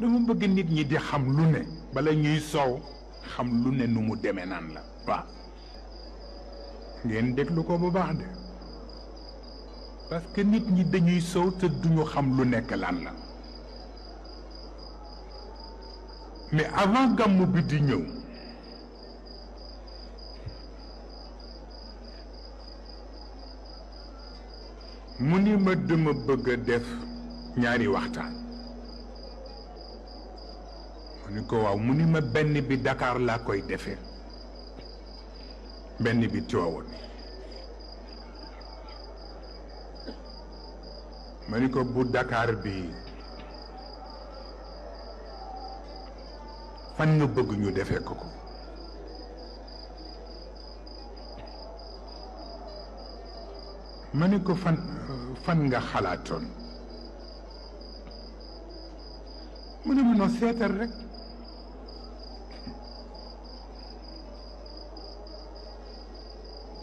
dama bëgg nit ñi di xam lu ne bala ñuy soow xam lu ne nu mu demee naan la waaw ngeen déglu ko bu baax de parce que nit ñi dañuy soow te duñu xam lu nekk lan la mais avant gàmmu bi di ñëw mu ni ma dama bëgg a def ñaari waxtaan ko waaw mu ni ma benn bi Dakar laa koy defe benn bi Tiwaawoon ma ni ko bu dakaar bi fan nga bëgg ñu defee ko ko ma ni ko fan fan nga xalaatoon mu ne ma noo seetal rek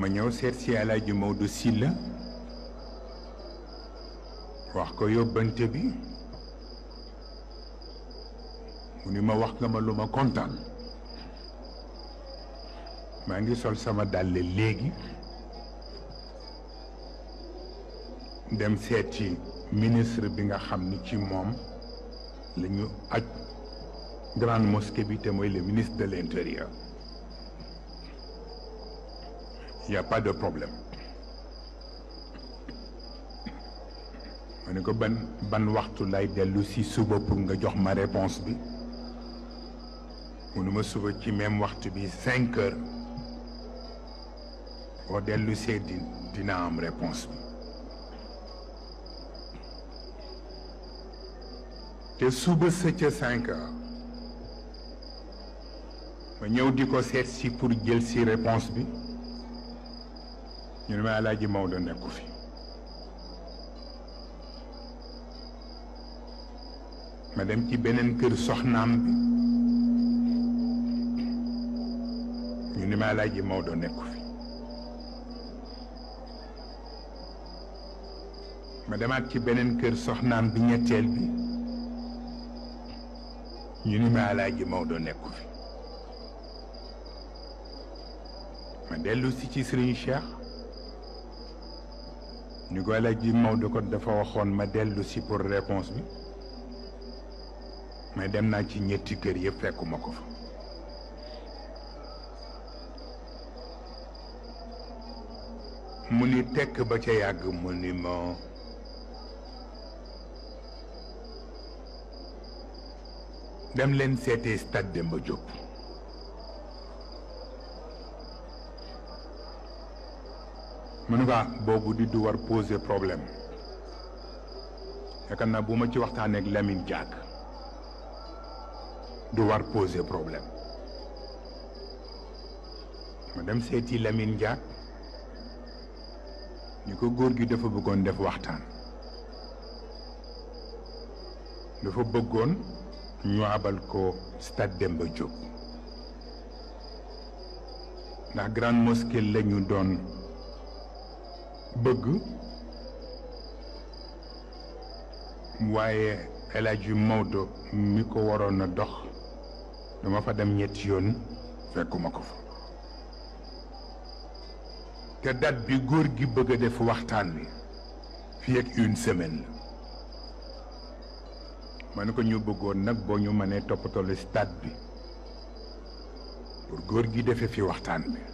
ma ñëw seet ji Alaaji Maodo Sylla wax ko yóbbante bi mu ni ma wax nga ma lu ma kontaan maa ngi sol sama dàll léegi dem seet ministre bi nga xam ni ci moom la ñu aj grande mosquée bi te mooy le ministre de l'intérieur il n'y a pas de problème Je ne ban ban waxtu lay dellu si suba pour nga ma réponse bi que ma suba ci même waxtu cinq heures pour dellu réponse bi te suba cinq heures ma eu pour jël réponse ñu ne ma Alaaji Maodo nekku fi dem ci beneen kër soxnaam bi ñu nekku fi ma demaat ci beneen kër soxnaan bi ñetteel bi ñu ni ma Alaaji Maodo nekku fi ma dellu ci Sëriñ Cheikh ni ko Alaaji Maodo ko dafa waxoon ma dellu si pour réponse bi mais dem naa ci ñetti kër yëpp fekkuma ko fa mu ni tekk ba ca yàgg mu ni ma dem leen seetee stade Demba Diop Je ne sais di du war poser problème yaakaar je ci waxtane ak Lamine Diack du war poser problème ma dem seeti Lamine Diack ko nous dafa bëggoon def ñu stade Diop grande mosquée la ñu bëgg waaye El Hadj Maodo mi ko waroon a dox dama fa dem ñetti yoon fekkuma ko fa te date bi góor gi bëgg a def waxtaan wi fii ak une semaine la ma ne ko ñu bëggoon nag boo ñu mënee toppatoo stade bi pour góor gi defe fi waxtaan bi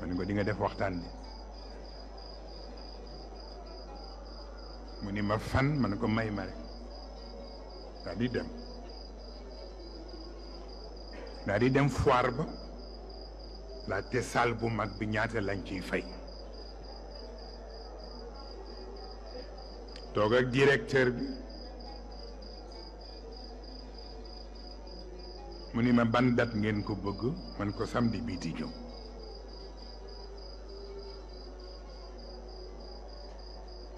ma ne ko di nga def waxtaan bi mu ni ma fan man ne ko may ma daal di dem daal di dem foire ba laajte salle bu mag bi ñaata lañ ciy fay toog ak directeur bi mu ni ma ban ngeen ko bëgg man ko samedi bii di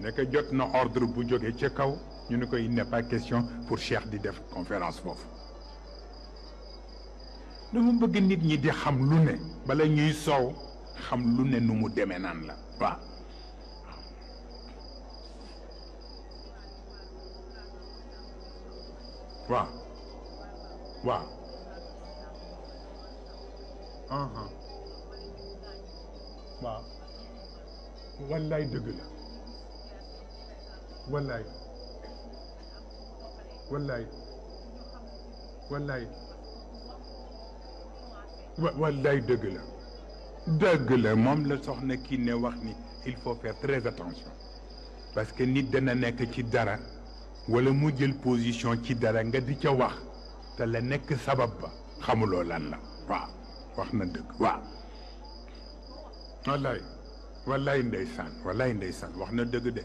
nekk jot na ordre bu jóge ci kaw ñu ne ko il n'est pas question pour Cheikh di def conférence foofu dama bëgg nit ñi di xam lu ne bala ñuy soow xam lu ne nu mu demee naan la wa wa waaw waaw wallay dëgg la voilà, voilà. Voilà, Wallahi dëgg la dëgg la ne ni il faut faire très attention parce que nit dana qui ci dara wala mu jël position qui dara nga di ca wax te la nek sabab ba xamulo lan la wa, wax na deug wa de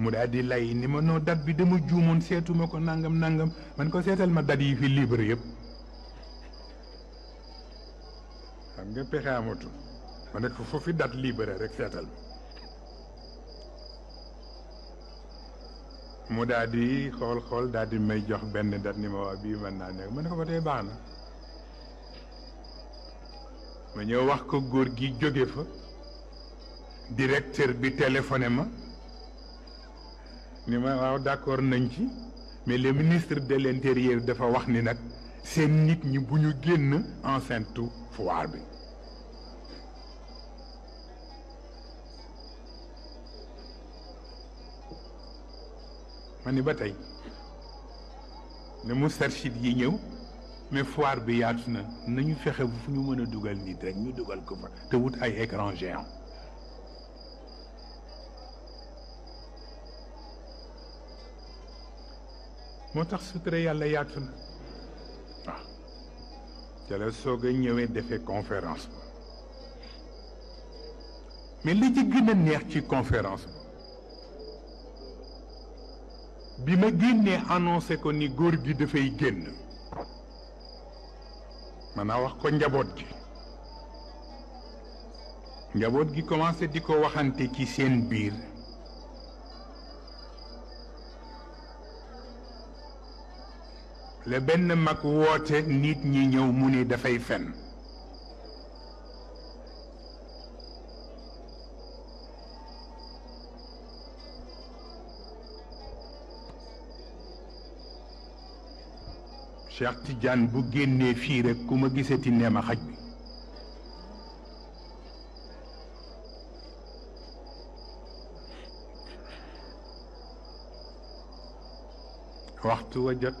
mu daal di lay ni ma noo date bi dama juumoon seetuma ko nangam nangam man ko seetal ma date yi fi libre yëpp xam nga pexe amatu ma ne ko foofu date libre rekk seetal mu daldi xool xool daal may jox benn date ni ma waa bii mën naa nekk ma ne ko ba tey baax na ma ñëw wax ko góor gi jóge fa directeur bi téléphoné ma ni ma waaw d'accord nañ ci mais le ministre de l'intérieur dafa wax ni nag seen nit ñi bu ñu génn enceinte foire bi ma ni ba tey ne moustarchid yi ñëw mais foir bi yaatu na nañu fexe fu ñu mën a dugal nit rek ñu dugal ko fa te wut ay écran géant motax tax sutura yàlla yaatu na waaw ah, ca la soog a conférence mais li ci gën neex ci conférence bima ma annoncé ko ni góor gi dafay génn maanaam wax ko njabot gi njabot gi commencé di ko waxante ci sen bir le ben mak wote nit ñi ñëw mu ne da fay fen Cheikh Tidiane bu génné fi rek kuma ma gisati neem xaj bi waxtu wa jot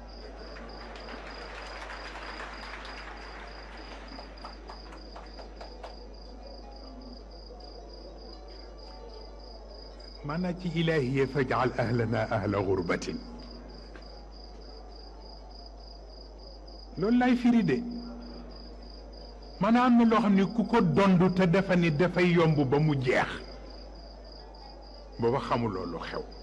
منة إلهي فاجعل أهلنا أهل غربة لون لاي فيري دي مانا ام لو خامني كوكو دوندو تا دافاني دافاي يومبو بامو جيخ بابا خامو لولو خيو